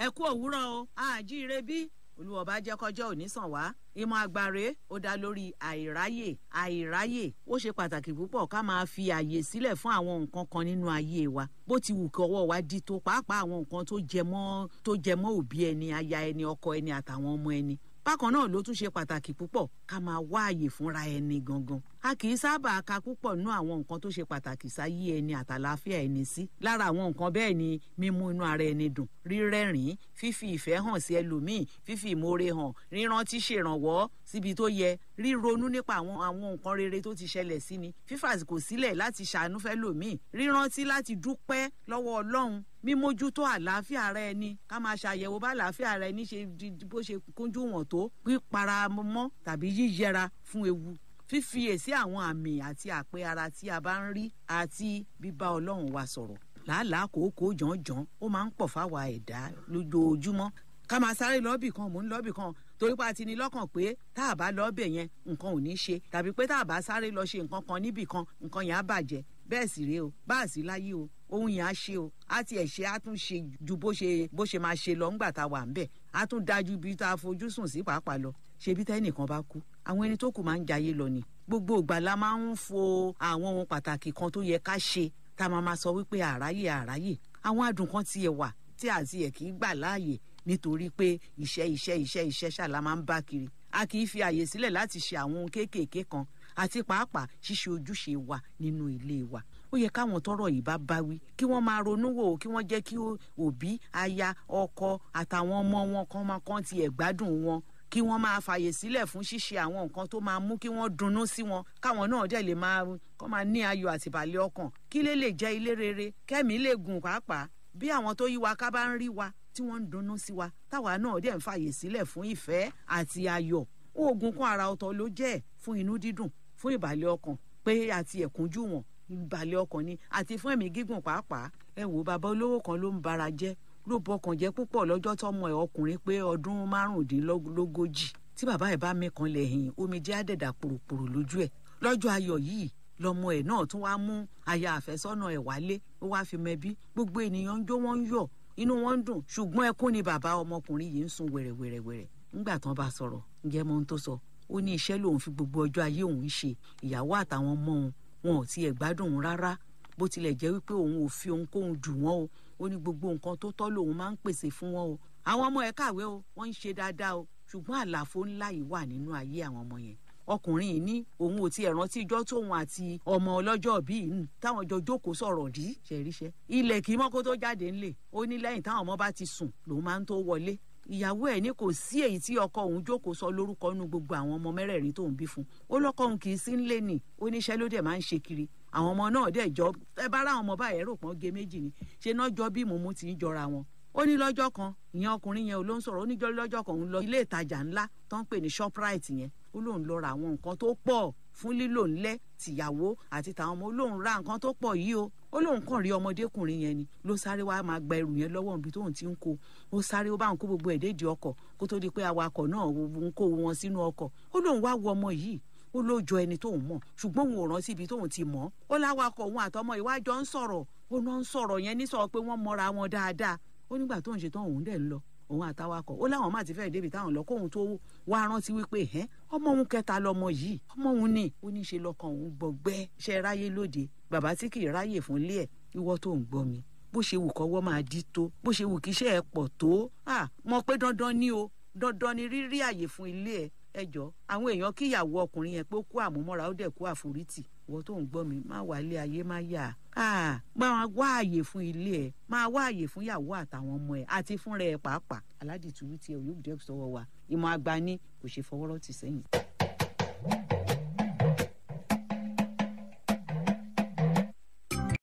ẹ kú òwúrọ̀ o àjíire bí olùwọ̀ba jẹ́ kọjọ́ òní sàn wá ìmọ̀ àgbàre ó dá lórí àìráyè àìráyè ó ṣe pàtàkì púpọ̀ ká máa fi àyè sílẹ̀ fún àwọn nǹkan kan nínú ayé wa bó ti wù kí ọwọ́ wa di tó pàápàá àwọn nǹkan tó jẹ tó jẹ òbí ẹni aya ẹni ọkọ ẹni àtàwọn ọmọ ẹni bákan náà ló tún ṣe pàtàkì púpọ̀ ká máa wá àyè fúnra ẹni gangan a kì í sábà ka púpọ̀ nú àwọn nǹkan tó ṣe pàtàkì sáyé ẹni àtàlàáfíà ẹni sí lára àwọn nǹkan bẹ́ẹ̀ ni mímú inú ara ẹni dùn rírẹ́rìn-ín fífi ìfẹ́ hàn sí ẹlòmíì fífi ìmoore hàn rírántí ṣèrànwọ́ síbi tó yẹ ríronú nípa àwọn àwọn nǹkan rere tó ti ṣẹlẹ̀ sí ni fífàsìkò sílẹ̀ láti ṣàánú fẹ́lòmíì rírántí láti dúpẹ́ lọ́wọ́ Ọlọ́run mímójútó àlàáfíà ara ẹni ká máa ṣàyẹ̀wò bá àlàáfíà ara ẹni ṣe bó ṣe kúnjú wọn tó pípara mọ́ tàbí yíyẹra fún ewu fífiyèsí àwọn àmì àti àpẹ ara tí a bá ń rí àti bíbá ọlọ́run wa sọ̀rọ̀ làálàá kòókòó jànjàn ó máa ń pọ̀ fáwa ẹ̀dá lójoojúmọ́ ká máa sáré lọ́ọ̀bì kan mò ń lọ́ọ̀bì kan torí pa ti ní lọ́kàn pé tá a bá lọ́ọ̀bì yẹn nǹkan ò ní ṣe tàbí pé tá a bá sáré lọ ṣe nǹkan kan níbì kan nǹkan yẹn á bàjẹ́ bẹ́ẹ̀ sì rèé o bá a sí láyé o ohun yẹn á ṣe o á tiẹ̀ ṣe á tún ṣe ju bó ṣe bó ṣe máa ṣe lọ ńgbà tá a wà ńbẹ̀ á tún dájú bí tá a fojú sùn sí pàápàá lọ ṣebí tẹ́nìkan bá kú àwọn ẹni tó kù máa ń jayé lọ ni gbogbo ìgbà la máa ń fo àwọn ohun pàtàkì kan tó yẹ ká ṣe tá a máa ma sọ wípé àráyè àráyè àwọn adùn kan tiẹ̀ wà tí àti ẹ̀ kì í gbà láàyè nítorí pé iṣẹ́ iṣẹ́ iṣẹ́ iṣẹ́ ṣàlá máa ń bá kiri a kì í fi àyè sílẹ̀ láti ṣe àwọn ohun kéékèèké kan àti pàápàá ṣíṣe ojúṣe wa nínú ilé wa ó yẹ káwọn tọ́rọ̀ yìí bá bá wí kí wọ́n máa ronú wò kí wọ́n jẹ́ kí òbí aya ọkọ àtàwọn ọmọ wọn kan máa kàn tiẹ̀ gbádùn wọn kí wọ́n máa fààyè sílẹ̀ fún ṣíṣe àwọn nǹkan tó máa mú kí wọ́n dunnú sí wọn káwọn náà dẹ̀ lè máa kọ́ máa ní ayọ̀ àti ìbàlẹ̀ ọkàn kí lè lè jẹ́ ilé rere kẹ́mi lè gùn pàápàá bí àwọn tó yí wa ká bá ń rí wa tí wọ́n ń dunnú sí wa táwa náà dẹ̀ ń fààyè sílẹ̀ fún ìfẹ́ àti ayọ̀ oògùn kan àrà ọ̀tọ̀ ló jẹ́ fún inú dídùn fún ìbàlẹ̀ ọkàn pé àti ẹ̀kúnjú wọn ìbàlẹ̀ ọkàn ni àti fún ẹ̀mí gígùn pàápàá ẹ wò bàbá olówó kan ló ń bara jẹ́ ló bọkàn jẹ́ púpọ̀ lọ́jọ́ tọ́mọ ẹ̀ ọkùnrin pé ọdún márùndínlógójì tí bàbá ẹ̀ bá mẹ́kan lẹ́yìn omijé àdẹ̀dà pòròpòrò lójú ẹ̀ lọ́jọ́ ayọ̀ yìí lọmọ ẹ̀ náà tún wá mú aya àfẹ́sọ́nà ẹ̀ wálé ó wá fi mẹbí gbogbo ènìyàn ń jó wọ́n ń yọ̀ inú wọn ń dùn ṣùgbọ́n ẹkún ni bàbá ọmọkùnrin yìí ń sun wẹ̀rẹ̀wẹ̀rẹ̀wẹ̀rẹ̀ ńgbà tán bá sọ̀rọ̀ ǹjẹ́ mọ ohun tó sọ ó ní iṣẹ́ lòun fi gbogbo ọjọ́ ayé òun ṣe ìyàwó àtàwọn ọmọ òun wọn ò tiẹ̀ gbádùn òun rárá bó tilẹ̀ jẹ́ wípé òun ò fi ohunkóhun dù wọ́n o ó ní gbogbo nǹkan tó tọ́ lòun máa ń pèsè fún wọn o àwọn ọmọ ẹ̀ kàwé o wọ́n ń ṣe dáadáa o ṣùgbọ́n àlàfo ńlá yìí wà nínú ayé àwọn ọmọ yẹn ọkùnrin yìí ní òun ò tiẹ̀ rántí ijọ́ tóun àti ọmọ ọlọ́jọ́ bíi nù táwọn jọ jókòó sọ̀rọ̀ dí ṣẹ̀ríṣẹ́ ilẹ̀ kì í mọ́ kó tó jáde ńlẹ̀ ó ní lẹ́yìn táwọn ọmọ bá ti sùn lòun máa ń tó wọlé ìyàwó ẹ̀ ní kò sí èyí tí ọkọ òun jókòó sọ lórúkọ nínú gbogbo àwọn ọmọ mẹ́rẹ̀ẹ̀rin tóun bí fún ó lọ́kọ òun kì í sí ńlé nì oníṣẹ́ ló dẹ̀ máa ń ṣe kiri àwọn ọmọ náà dẹ̀ jọ ẹ bá ra àwọn ọmọ báyẹn rò pọ́n gé méjì ni ṣe náà jọ bí mòmú ti ń jọra wọn ó ní lọ́jọ́ kan ìyẹn ọkùnrin yẹn ló ń sọ̀rọ̀ ó ní lọ́jọ́ kan òun lọ ilé ìtajà ńlá tó ń pè ní shoprite yẹn ó lóun lọ ra àwọn nǹkan tó pọ̀ fún lílò ńlẹ́ tìyàwó àti tàwọn ọmọ ó ra nǹkan tó pọ̀ yìí o ó lóun kàn rí ọmọdékùnrin yẹn ni ló sáré wá máa gba ẹrù yẹn lọ́wọ́ níbi tóun ti ń kó ó sáré ó bá ń kó gbogbo ẹ̀ ọkọ̀ kó tó di pé awakọ̀ náà ń kó wọn sínú ọkọ̀ ó lóun wá wo ọmọ yìí ó lójọ ẹni tóun mọ̀ ṣùgbọ́n òun ò rántí ibi tóun ti mọ̀ ó láwakọ̀ òun àtọmọ ìwájọ ń sọ̀rọ̀ ó náà ń sọ̀rọ̀ yẹn ní sọ pé wọ́n mọra wọn dáadáa ó nígbà tóun ṣe tán òun dẹ̀ ń lọ òun àtàwakọ̀ ó láwọn má ti fẹ́ débi táwọn lọ kóhun tó wá rántí wípé ẹ ọmọ òun kẹta lọmọ yìí ọmọ òun ni ó ní í ṣe lọkàn òun gbọgbẹ́ ṣe ráyé lóde bàbá tí kì í ráyè fún ilé ẹ̀ ìwọ tó ń gbọ́ mi bó ṣe wù kọ́wọ́ máa dí tó bó ṣe wù kí iṣẹ́ ẹ pọ̀ tó mọ pé dandan ni o dandan ni rírí àyè fún ilé ẹ ẹjọ́ àwọn èèyàn kíyàwó ọkùnrin yẹn pé ó kú àmúmọ́ra ó dẹ̀ kú àforítì wọ́n tó ń gbọ́ mi má wà ilé ayé má yà á ah, máa wá àyè fún ilé ẹ máa wá àyè fún ìyàwó àtàwọn ọmọ ẹ àti fúnra ẹ pàápàá aládìtúwí tiẹ̀ òyìnbó dẹ́kun sọ́wọ́ wa ìmọ̀ àgbà ni kò ṣe fọwọ́rọ́ tì sẹ́yìn.